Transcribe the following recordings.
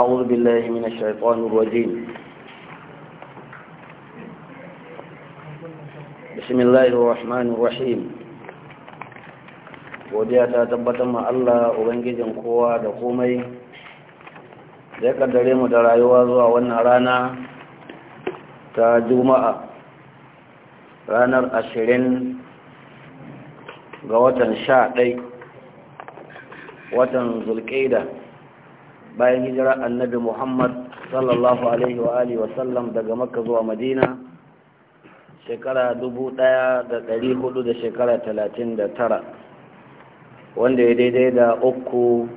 أعوذ بالله من الشيطان الرجيم بسم الله الرحمن godiya ta tabbatar ma Allah ubangijin kowa da komai zai kaddare mu da rayuwa zuwa wannan rana ta juma'a ranar ashirin ga watan sha ɗai watan zulƙaida bayan hijirar annabi muhammad sallallahu alaihi wa alihi wasallam daga makka zuwa madina shekara dubu ɗaya da ɗari hudu da shekara talatin da tara wanda ya daidai da uku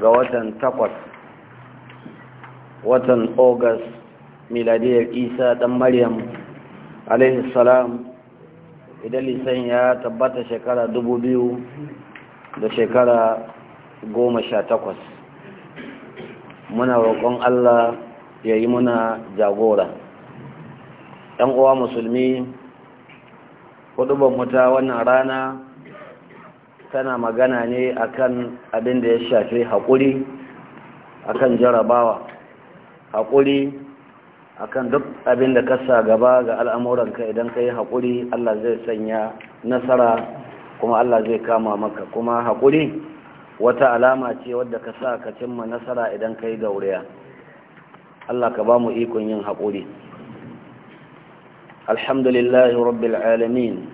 ga watan takwas watan ogas miladiyar isa dan maryam alaihi salam idan lisan ya tabbata shekara dubu biyu da shekara goma sha takwas muna roƙon Allah ya yi muna jagora ɗan uwa musulmi hudubar muta wannan rana tana magana ne akan abin da ya shafi haƙuri akan jarabawa haƙuri akan duk abin da kasa gaba ga al'amuranka idan ka yi haƙuri Allah zai sanya nasara kuma Allah zai kama maka kuma haƙuri wata alama ce wadda ka sa ka cimma nasara idan ka yi gauriya Allah ka ba mu ikon yin haƙuri alhamdulillah rabbil alamin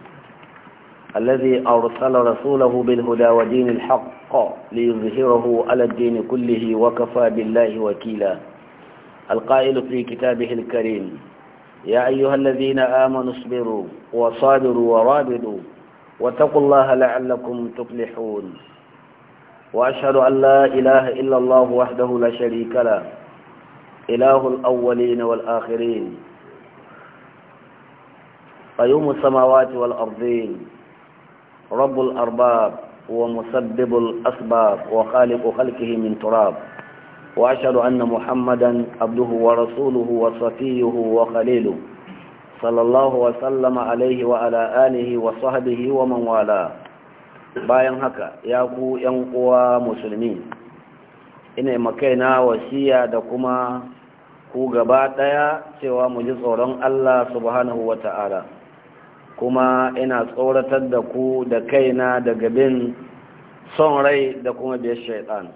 الذي أرسل رسوله بالهدى ودين الحق ليظهره على الدين كله وكفى بالله وكيلا القائل في كتابه الكريم يا أيها الذين آمنوا اصبروا وصابروا ورابطوا واتقوا الله لعلكم تفلحون وأشهد أن لا إله إلا الله وحده لا شريك له إله الأولين والآخرين قيوم السماوات والأرضين رب الأرباب ومسبب الأسباب وخالق خلقه من تراب وأشهد أن محمدا عبده ورسوله وصفيه وخليله صلى الله وسلم عليه وعلى آله وصحبه ومن والاه bayan haka ya ku yan uwa musulmi ina makaina wasiya da kuma ku gaba daya cewa mu ji tsoron Allah subhanahu wata'ala kuma ina tsoratar da ku da kaina daga bin son rai da kuma biyar shaitan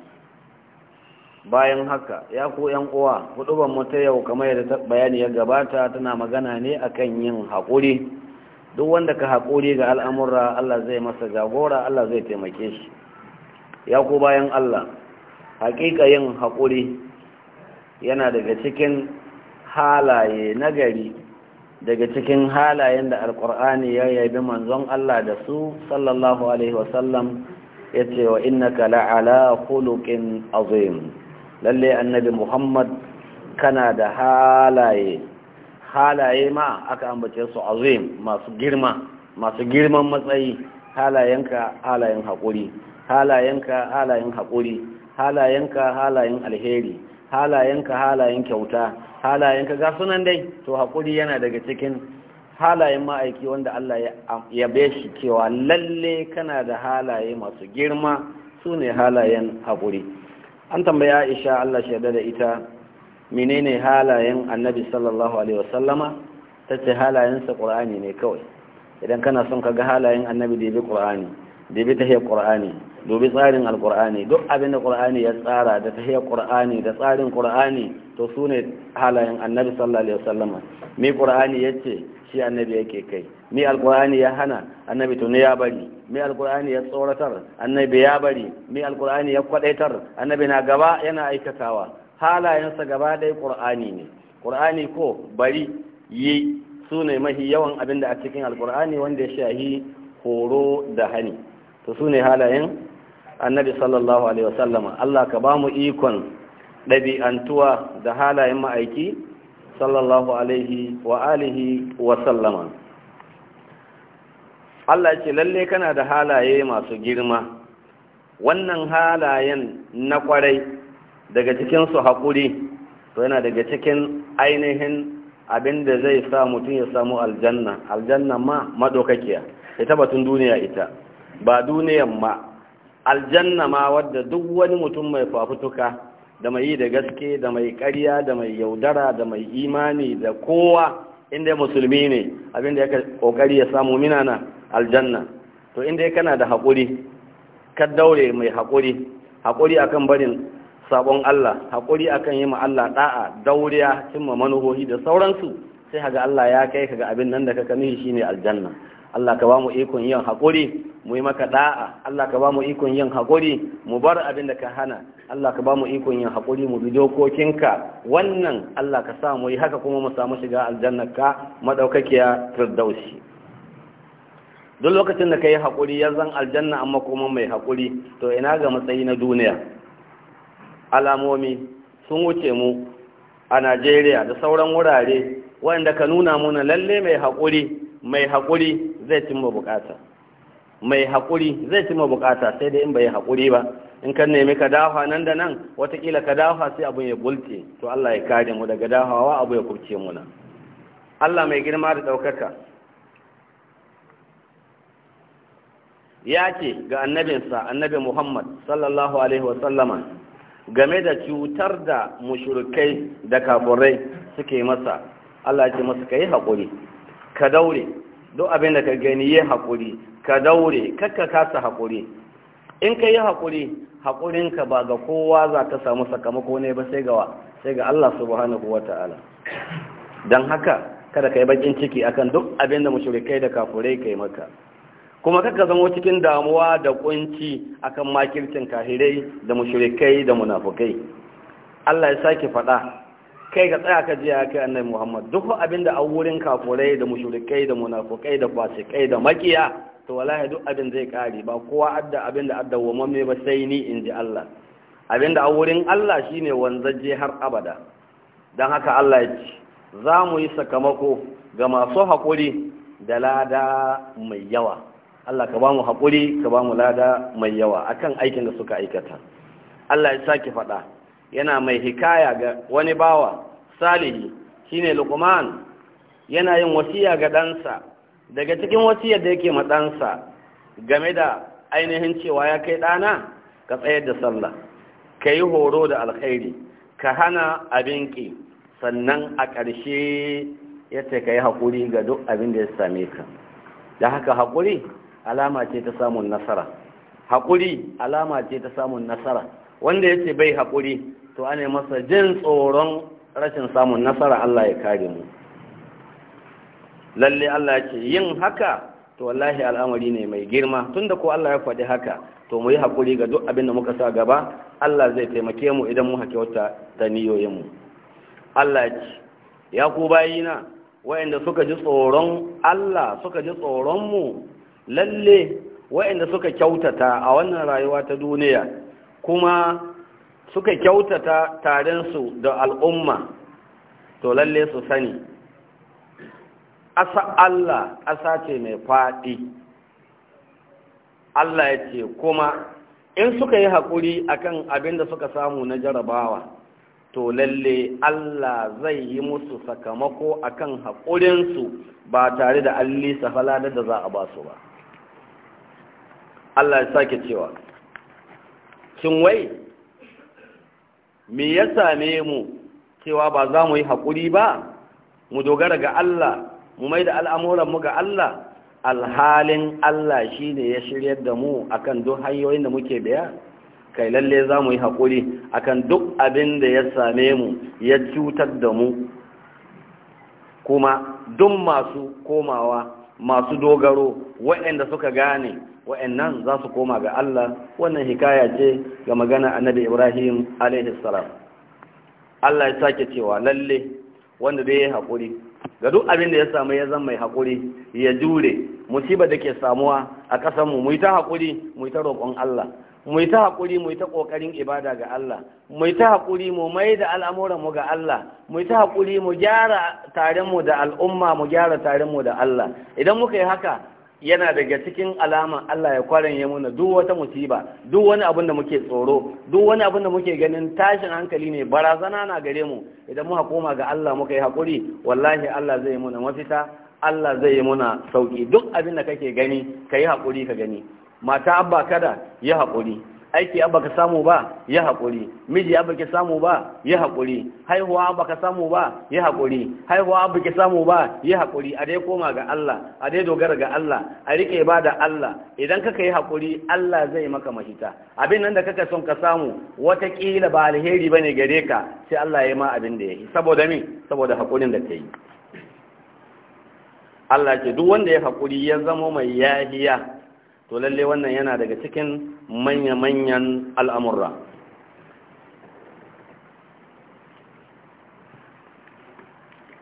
bayan haka ya ku yan uwa hudu mu ta yau kamar yadda bayani ya gabata tana magana ne akan yin haƙuri duk wanda ka haƙuri ga al'amurra Allah zai masa jagora Allah zai taimake shi ya ku bayan Allah haƙiƙa yin haƙuri yana daga cikin halaye nagari daga cikin halayen da alƙur'ani ya yabi manzon Allah da su sallallahu alaihi wasallam ya ce wa innaka la'ala hulukin azim lalle annabi Muhammad kana da halaye halaye ma aka ambace su azim masu girma masu girman matsayi halayenka halayen haƙuri halayenka halayen haƙuri halayenka halayen alheri halayenka halayen kyauta halayenka ga sunan dai to haƙuri yana daga cikin halayen ma'aiki wanda Allah ya shi cewa lalle kana da halaye masu girma su ne halayen haƙuri an tambaya aisha Allah shaida da ita menene halayen annabi sallallahu alaihi wasallama ta ce halayensa ƙur'ani ne kawai idan kana son ka ga halayen annabi da bi ƙur'ani da bi tahiyar ƙur'ani dubi tsarin alƙur'ani duk abin da ƙur'ani ya tsara da tahiyar ƙur'ani da tsarin ƙur'ani to su ne halayen annabi sallallahu alaihi wasallama me ƙur'ani ya ce shi annabi yake kai me alƙur'ani ya hana annabi to ne ya bari me alƙur'ani ya tsoratar annabi ya bari me alƙur'ani ya kwaɗaitar annabi na gaba yana aikatawa halayensa gaba ɗaya ƙur'ani ne ƙur'ani ko bari yi su ne mahi yawan abin a cikin alƙur'ani wanda ya shahi horo da hani to su ne halayen annabi sallallahu alaihi wasallam Allah ka ba mu ikon ɗabi'antuwa da halayen ma'aiki sallallahu alaihi wa alihi wa sallama Allah ce lalle kana da halaye masu girma wannan halayen na kwarai daga cikinsu haƙuri to yana daga cikin ainihin abin da zai sa mutum ya samu aljanna aljanna ma ya ita batun duniya ita ba duniyan ma aljanna ma wadda duk wani mutum mai fafutuka da mai yi da gaske da mai ƙarya da mai yaudara da mai imani da kowa inda musulmi ne abin da ya kokari ya samu minana aljanna to inda kana da haƙuri ka daure mai haƙuri haƙuri akan barin sabon Allah haƙuri akan yi ma Allah da'a dauriya cimma manuhohi da sauransu sai haga Allah ya kai ka ga abin nan da ka shi ne aljanna Allah ka ba mu ikon yin haƙuri mu yi maka da'a Allah ka ba mu ikon yin haƙuri mu bar abin da ka hana Allah ka ba mu ikon yin haƙuri mu bi dokokinka wannan Allah ka sa mu yi haka kuma mu samu shiga aljanna ka madaukakiya firdausi duk lokacin da ka yi haƙuri ya zan aljanna amma kuma mai haƙuri to ina ga matsayi na duniya alamomi sun wuce mu a najeriya da sauran wurare wanda ka nuna muna lalle mai haƙuri mai haƙuri zai cimma bukata mai haƙuri zai cimma bukata sai dai in bai haƙuri ba in ka nemi ka dafa nan da nan watakila ka dafa sai abin ya bulte to Allah ya kare mu daga dafawa abu ya mu na. Allah mai girma da ɗaukaka ya ce ga annabinsa annabi Muhammad sallallahu alaihi wa sallama. game da cutar da mushrikai da kafurai suke masa Allah ya ce masa kai haƙuri ka daure duk abin da ka gani yi haƙuri ka daure kakka kasa haƙuri in ka yi haƙuri haƙurinka ba ga kowa za ka samu sakamako ne ba sai gawa sai ga Allah subhanahu wa ta'ala don haka kada ka yi bakin ciki akan duk abin da mushrikai da kafurai kai maka kuma kaka zama cikin damuwa da kunci akan makircin kahirai da mushrikai da munafukai Allah ya sake faɗa kai ga tsaya ka jiya kai annabi Muhammad duk abin da wurin kafurai da mushrikai da munafukai da fasikai da makiya to wallahi duk abin zai kare ba kowa adda abin da adda wa mamme ba sai ni in ji Allah abin da wurin Allah shine wanzaje har abada dan haka Allah ya ce za mu yi sakamako ga masu haƙuri da lada mai yawa Allah ka ba mu haƙuri ka ba mu lada mai yawa akan aikin da suka aikata Allah ya saki faɗa yana mai hikaya ga wani bawa salihi shine Luqman yana yin wasiya ga ɗansa daga cikin wasiyar da yake ma ɗansa game da ainihin cewa ya kai ɗana ka tsayar da sallah ka yi horo da alkhairi ka hana abin ƙi sannan a ƙarshe ya ce ka yi haƙuri ga duk abin da ya same ka da haka haƙuri alama ce ta samun nasara haƙuri alama ce ta samun nasara wanda yace bai haƙuri to ana masa jin tsoron rashin samun nasara Allah ya kare mu lalle Allah ya ce yin haka to wallahi al'amari ne mai girma tunda ko Allah ya faɗi haka to mu yi haƙuri ga duk abin da muka sa gaba Allah zai taimake mu idan mu haƙewata ta niyoyin mu Allah ya ce ya ku bayina wayanda suka ji tsoron Allah suka ji tsoron mu lalle waɗanda suka kyautata a wannan rayuwa ta duniya kuma suka kyautata tarensu da al'umma to lalle su sani ƙasa Allah ƙasa ce mai faɗi Allah ya ce kuma in suka yi haƙuri akan abin da suka samu na jarabawa to lalle Allah zai yi musu sakamako akan haƙurinsu ba tare da allisa lisa falada da za a ba su ba Allah ya sake cewa Kin wai me ya same mu cewa ba za mu yi haƙuri ba mu dogara ga Allah mu mai da mu ga Allah alhalin Allah shi ne ya shiryar da mu akan duk hanyoyin da muke biya kai lalle za mu yi haƙuri akan duk abin da ya same mu ya cutar da mu kuma duk masu komawa masu dogaro waɗanda suka gane waɗannan za su koma ga Allah wannan hikaya ce ga magana annabi Ibrahim alaihi Allah ya sake cewa lalle wanda da ya haƙuri ga duk abin da ya samu ya zama mai haƙuri ya jure musiba da ke samuwa a ƙasarmu mu yi ta haƙuri mu yi ta roƙon Allah mu ta haƙuri mu ta ƙoƙarin ibada ga Allah mu ta haƙuri mu mai da al'amuran mu ga Allah mu ta haƙuri mu gyara taren mu da al'umma mu gyara tarenmu mu da Allah idan muka yi haka yana daga cikin alama Allah ya ya muna duk wata musiba duk wani abin da muke tsoro duk wani abin da muke ganin tashin hankali ne barazana na gare mu idan muka koma ga Allah muka yi haƙuri wallahi Allah zai yi muna mafita Allah zai yi muna sauki duk abin da kake gani ka yi haƙuri ka gani mata abba kada ya haƙuri aiki abba ka samu ba ya haƙuri miji abba ka samu ba ya haƙuri haihuwa abba ka samu ba ya haƙuri haihuwa abba ka samu ba ya haƙuri a dai koma ga Allah a dai dogara ga Allah a rike ibada Allah idan kaka yi haƙuri Allah zai maka mahita abin nan da kaka son ka samu watakila ba alheri bane gare ka sai Allah ya yi ma abin da yake saboda me saboda haƙurin da kai Allah ce duk wanda ya haƙuri ya zama mai yahiya to lalle wannan yana daga cikin manya-manyan al'amurra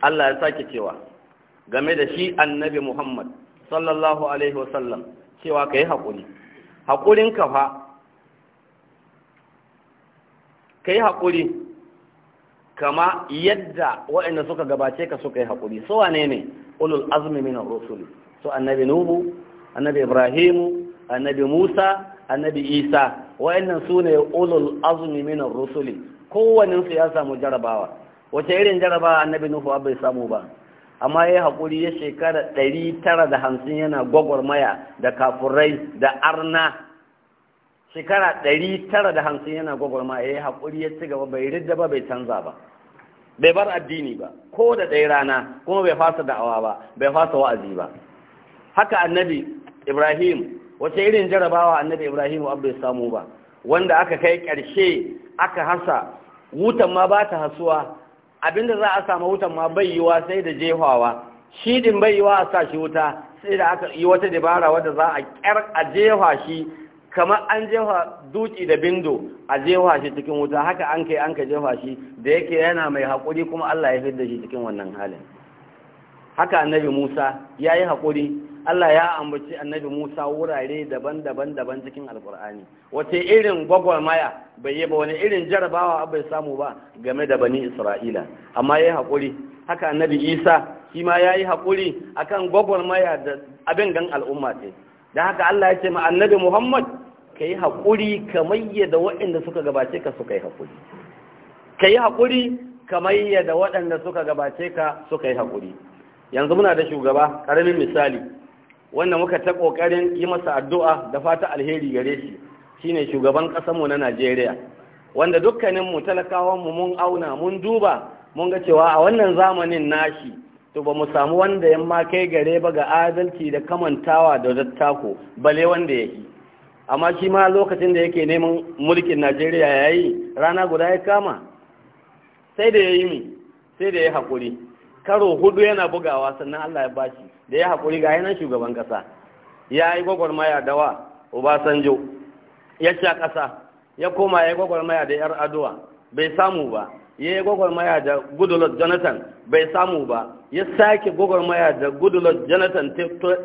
Allah ya sake cewa game da shi annabi Muhammad sallallahu Alaihi wasallam cewa ka yi haƙuri haƙurin kafa ka yi haƙuri kama yadda waɗanda suka gabace ka suka yi haƙuri so wane ne ulul azumi min rusuli so annabi nuhu annabi ibrahim annabi musa annabi isa wa'annan su ne ulul azumi ar rusuli kowannen su ya samu jarabawa wace irin jarabawa annabi nuhu bai samu ba amma yayi hakuri, ya shekara ɗari tara da hamsin yana gwagwarmaya da kafurai da arna shekara ɗari tara da hamsin yana gwagwarmaya ya hakuri, ya ci gaba bai ridda bai canza ba bai bar addini ba ko da ɗaya rana kuma bai fasa da'awa ba bai fasa wa'azi ba haka annabi ibrahim wata irin jarabawa annabi ibrahim abu samu ba wanda aka kai ƙarshe aka hasa wutan ma ba ta hasuwa abinda za a samu wutan ma bai yiwa sai da jehawa shi din bai yiwa a sa shi wuta sai da aka yi wata dabara wadda za a ƙyar a jeha shi kamar an jefa duki da bindo a jefa shi cikin wuta haka an kai an ka jefa shi da yake yana mai haƙuri kuma Allah ya fidda shi cikin wannan halin haka annabi Musa ya yi haƙuri Allah ya ambaci annabi Musa wurare daban-daban daban cikin alkur'ani wace irin gwagwarmaya bai yi ba wani irin jarabawa bai samu ba game da bani Isra'ila amma ya yi haƙuri haka annabi Isa shi ma ya yi haƙuri akan gwagwarmaya da abin gan al'umma ce da haka Allah ya ce ma annabi Muhammad ka yi haƙuri kamar da waɗanda suka gabace ka suka yi waɗanda suka gabace ka suka yi haƙuri yanzu muna da shugaba ƙaramin misali wanda muka ta kokarin yi masa addu'a da fata alheri gare shi shine shugaban mu na Najeriya wanda dukkanin mu talakawan mu mun auna mun duba mun ga cewa a wannan zamanin nashi to ba mu samu wanda yamma kai gare ba ga adalci da kamantawa da dattako bale wanda yake amma shi ma lokacin da yake neman mulkin Najeriya yayi rana guda ya kama sai da yayi mi sai da ya hakuri karo hudu yana bugawa sannan Allah ya bashi da ya haƙuri ga yanar shugaban ƙasa ya yi gwagwarmaya da wa obasanjo ya ci ƙasa ya koma ya yi gwagwarmaya da yar adowa bai samu ba ya yi gwagwarmaya da goodluck jonathan bai samu ba ya sake gwagwarmaya da goodluck jonathan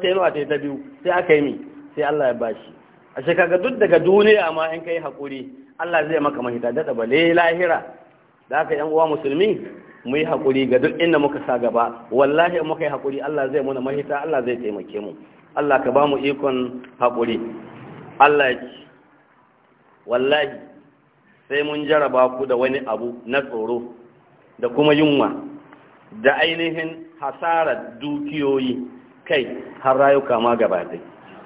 tenuwa ta ta biyu sai aka yi mi sai allah ya bashi a shekaga duk daga duniya ma in ka yi haƙuri allah zai maka mahita daɗa ba lahira da aka yan uwa musulmi mu yi haƙuri ga duk inda muka sa gaba wallahi muka yi haƙuri Allah zai muna mahita Allah zai taimake mu Allah ka ba mu ikon haƙuri Allah ya wallahi sai mun jaraba ku da wani abu na tsoro da kuma yunwa da ainihin hasarar dukiyoyi kai har rayuka ma gaba dai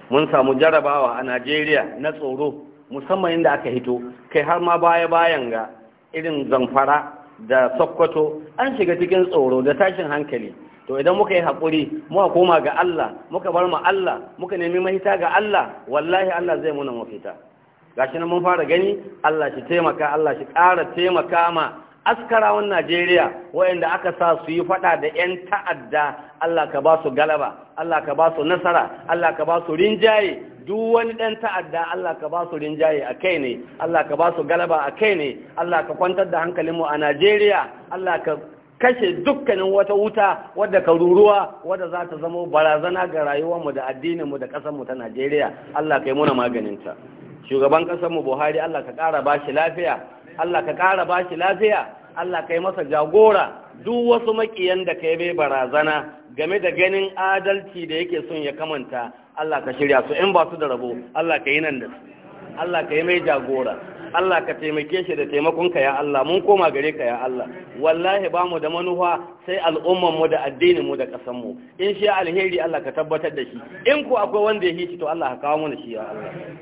mun samu jarabawa a Najeriya na tsoro musamman inda aka hito kai har ma baya bayan ga irin zamfara da sokoto an shiga cikin tsoro da tashin hankali to idan muka yi haƙuri muka koma ga Allah muka bar mu Allah muka nemi mahita ga Allah wallahi Allah zai muna mafita gashi nan mun fara gani Allah shi taimaka Allah shi ƙara taimaka ma askarawan Najeriya waɗanda aka sa su yi faɗa da 'yan ta'adda Allah ka ba su galaba, Allah ka ba su nasara, Allah ka ba su rinjaye, duk wani ɗan ta'adda Allah ka ba su rinjaye a kai ne, Allah ka ba su galaba a kai ne, Allah ka kwantar da hankalinmu a Najeriya, Allah ka kashe dukkanin wata wuta wadda ka ruruwa wadda za ta zama barazana ga rayuwarmu da addininmu da ƙasarmu ta Najeriya, Allah ka yi muna maganinta. Shugaban ƙasarmu Buhari Allah ka ƙara ba shi lafiya, Allah ka ƙara ba shi lafiya Allah ka yi masa jagora duk wasu maƙiyan da ka yi bai barazana game da ganin adalci da yake son ya kamanta Allah ka shirya su in ba su da rabo Allah ka yi nan da su Allah ka yi mai jagora Allah ka taimake shi da taimakonka ya Allah mun koma gare ka ya Allah wallahi ba mu da manufa sai al'umman mu da addinin da ƙasanmu, in shi alheri Allah ka tabbatar da shi in ko akwai wanda ya shi to Allah ka kawo mana shi ya Allah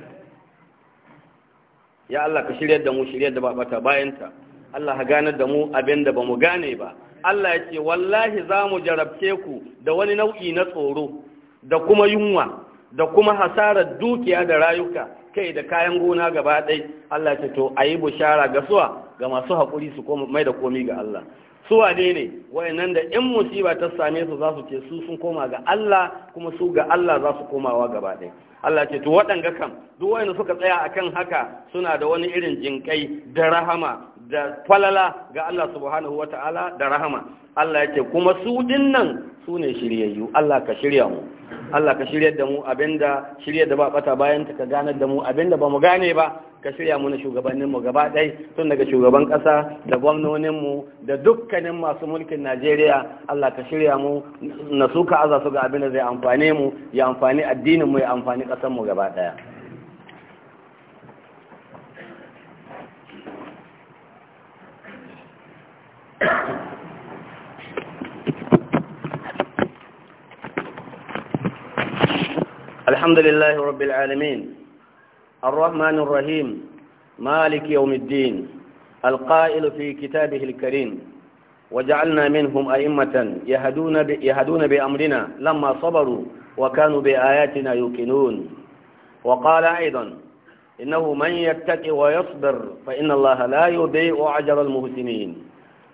ya Allah ka shirya da mu shirya da bata bayanta Allah ha ganar da mu abin da ba mu gane ba Allah ya ce wallahi za mu jarabce ku da wani nau'i na tsoro da kuma yunwa da kuma hasarar dukiya da rayuka kai da kayan gona gaba ɗai Allah ya ce to ayi bushara ga suwa ga masu haƙuri su mai da komi ga Allah su wane ne wayannan da in musiba ta same su za su ce su sun koma ga Allah kuma su ga Allah za su komawa gaba ɗaya Allah ce to waɗanga kam duk wayanda suka tsaya akan haka suna da wani irin jinkai da rahama da falala ga Allah subhanahu wata'ala da rahama Allah yake kuma su dinnan su ne shiryayyu Allah ka shirya mu Allah ka shiryar da mu abinda shiryar da ba bata bayan ta ka ganar da mu abinda ba mu gane ba ka shirya mana shugabanninmu gaba ɗai tun daga shugaban ƙasa da gwamnoninmu da dukkanin masu mulkin Najeriya Allah ka shirya mu na suka aza su ga abin da zai amfani mu ya amfani addininmu ya amfani ƙasanmu gaba ɗaya. الحمد لله رب العالمين الرحمن الرحيم مالك يوم الدين القائل في كتابه الكريم وجعلنا منهم أئمة يهدون, يهدون بأمرنا لما صبروا وكانوا بآياتنا يوقنون وقال أيضا إنه من يتقي ويصبر فإن الله لا يضيع أجر المحسنين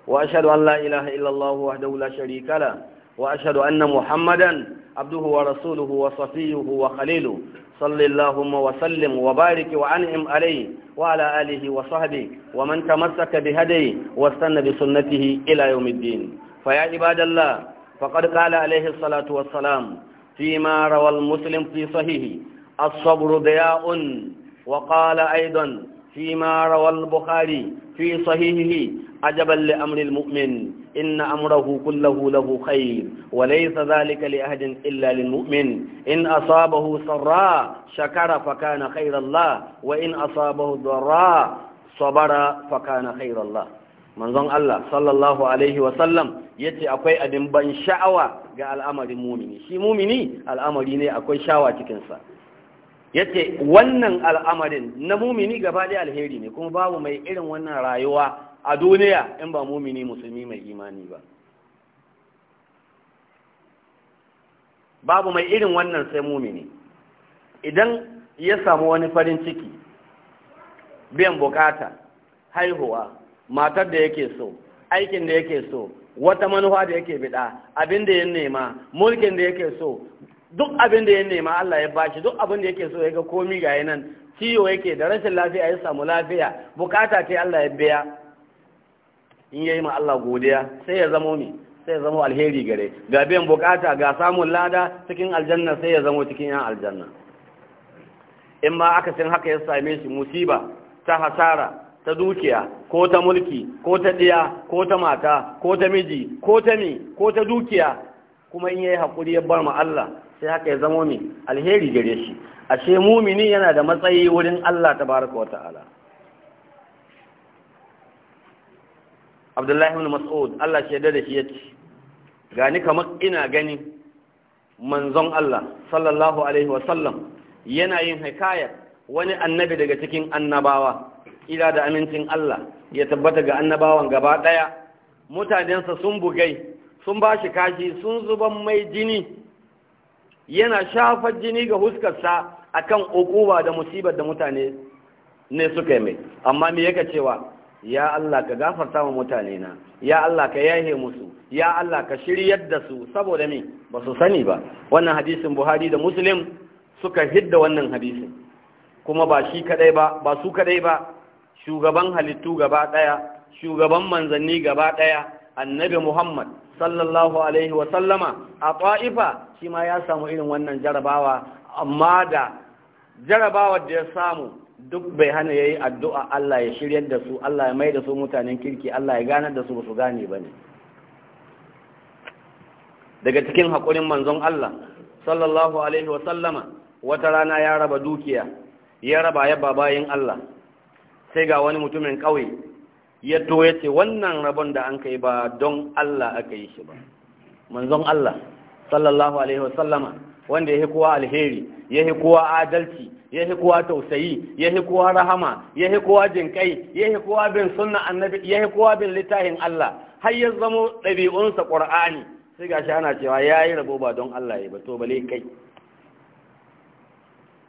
وأشهد أن لا إله إلا الله وحده لا شريك له وأشهد أن محمدا عبده ورسوله وصفيه وخليله صل اللهم وسلم وبارك وأنعم عليه وعلى آله وصحبه ومن تمسك بهديه واستنى بسنته إلى يوم الدين فيا عباد الله فقد قال عليه الصلاة والسلام فيما روى المسلم في صحيحه الصبر ضياء وقال أيضا فيما روى البخاري في صحيحه عجبا لأمر المؤمن إن أمره كله له خير وليس ذلك لأحد إلا للمؤمن إن أصابه سراء شكر فكان خير الله وإن أصابه ضراء صبر فكان خير الله manzon Allah sallallahu alaihi wasallam ya ce akwai abin ban sha'awa ga al'amarin mumini shi mumini al'amari ne akwai sha'awa cikinsa ya ce wannan al'amarin na mumini gaba ɗaya alheri ne kuma babu mai irin wannan rayuwa a duniya in ba mumini musulmi mai imani ba babu mai irin wannan sai mumini idan ya samu wani farin ciki biyan bukata haihuwa matar da yake so aikin da yake so wata manufa da yake bida abin da ya nema mulkin da yake so duk abin da ya nema Allah ya bashi duk abin da yake so ya ga komi ga yanan ciwo yake da rashin lafiya ya samu lafiya bukata ce Allah ya biya in yayi ma Allah godiya sai ya zamo mi sai ya zamo alheri gare ga biyan bukata ga samun lada cikin aljanna sai ya zamo cikin yan aljanna in ma aka san haka ya same shi musiba ta hasara ta dukiya ko ta mulki ko ta ɗiya ko ta mata ko ta miji ko ta mi ko ta dukiya kuma in yayi hakuri ya bar ma Allah sai haka ya zamo mi alheri gare shi ashe mumini yana da matsayi wurin Allah tabaraka wa ta'ala abdullahi ibn mas'ud Allah shi da shi yace gani kamar ina gani manzon Allah sallallahu alaihi wa sallam yana yin hikaya wani annabi daga cikin annabawa ila da amincin Allah ya tabbata ga annabawan gaba ɗaya. mutanensa sun bugai sun ba shi kashi sun zuban mai jini yana shafar jini ga huskarsa akan ukuba da musibar da mutane ne suka yi mai amma me yake cewa ya Allah ka gafarta wa mutane na ya Allah ka yahe musu ya Allah ka shiryar da su saboda me ba su sani ba wannan hadisin Buhari da Muslim suka hidda wannan hadisin kuma ba shi kadai ba ba su kadai ba shugaban halittu gaba daya shugaban manzanni gaba daya annabi Muhammad sallallahu alaihi wa sallama a ta'ifa shi ma ya samu irin wannan jarabawa amma da jarabawar da ya samu duk bai hana ya yi addu'a Allah ya shiryar da su Allah ya mai da su mutanen kirki Allah ya ganar da su ba su gane ba ne daga cikin haƙurin manzon Allah sallallahu alaihi wasallama wata rana ya raba dukiya ya raba ya babayin Allah sai ga wani mutumin ƙauye ya to ce wannan rabon da an kai ba don Allah aka yi shi ba manzon Allah sallallahu alaihi wasallama wanda yahi kowa alheri yahi kowa adalci yahi kowa tausayi yahi kowa rahama yahi kowa jinkai yahi kowa bin sunna annabi yahi kowa bin littafin Allah har ya zamo ɗabi'unsa Qur'ani sai gashi ana cewa yayi rabo ba don Allah ya ba to bale kai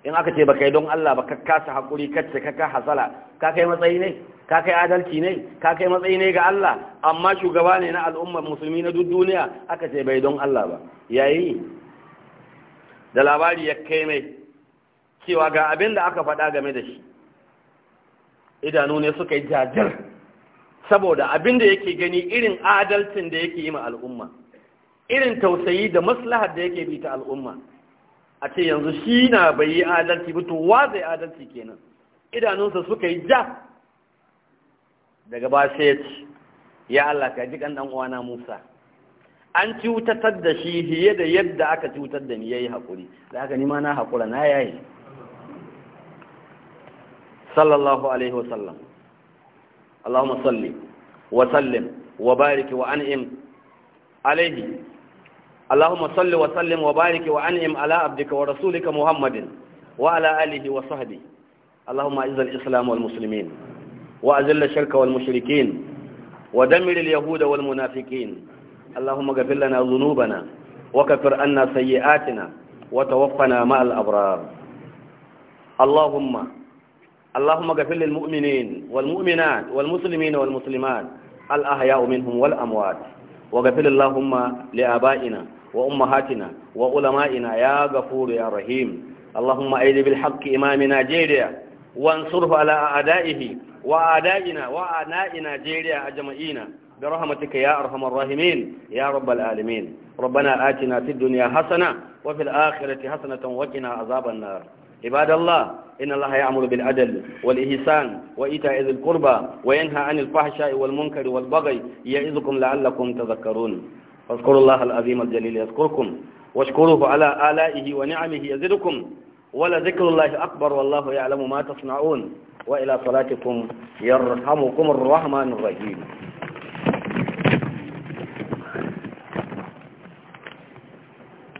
in aka ce ba kai don Allah ba ka kasa hakuri kacce ka ka hasala ka kai matsayi ne ka kai adalci ne ka kai matsayi ne ga Allah amma shugaba ne na al'ummar musulmi na duk duniya aka ce bai don Allah ba yayi da labari ya kai mai cewa ga abin da aka faɗa game da shi idanu ne suka yi jajar saboda abin da yake gani irin adalcin da yake yi ma al'umma irin tausayi da maslahar da yake bi ta al'umma a ce yanzu shi na bai yi adalci ba wa zai adalci kenan idanunsa suka yi ja daga ba sai ya ci ya Allah ka ji kan ɗan uwana Musa an cutatar da shi fiye da yadda aka cutar da ni yayi haƙuri. da aka ni ma na haƙura na yayi sallallahu alaihi wa sallam Allahumma salli wa sallim wa bariki wa an'im alaihi Allahumma salli wa sallim wa bariki wa an'im ala abdika wa rasulika Muhammadin wa ala alihi wa sahbihi Allahumma izz al-islam wal muslimin wa azil ash-shirka wal mushrikeen wa damir al-yahuda wal munafiqeen اللهم اغفر لنا ذنوبنا وكفر عنا سيئاتنا وتوفنا مع الأبرار اللهم اللهم اغفر للمؤمنين والمؤمنات والمسلمين والمسلمات الأحياء منهم والأموات وغفر اللهم لآبائنا وأمهاتنا وعلمائنا يا غفور يا رحيم اللهم أيد بالحق إمام نيجيريا وانصره على أعدائه وأعدائنا وأعداء نيجيريا أجمعين برحمتك يا أرحم الراحمين يا رب العالمين ربنا آتنا في الدنيا حسنة وفي الآخرة حسنة وقنا عذاب النار عباد الله إن الله يعمل بالعدل والإحسان وإيتاء ذي القربى وينهى عن الفحشاء والمنكر والبغي يعظكم لعلكم تذكرون فاذكروا الله العظيم الجليل يذكركم واشكروه على آلائه ونعمه يزدكم ولذكر الله أكبر والله يعلم ما تصنعون وإلى صلاتكم يرحمكم الرحمن الرحيم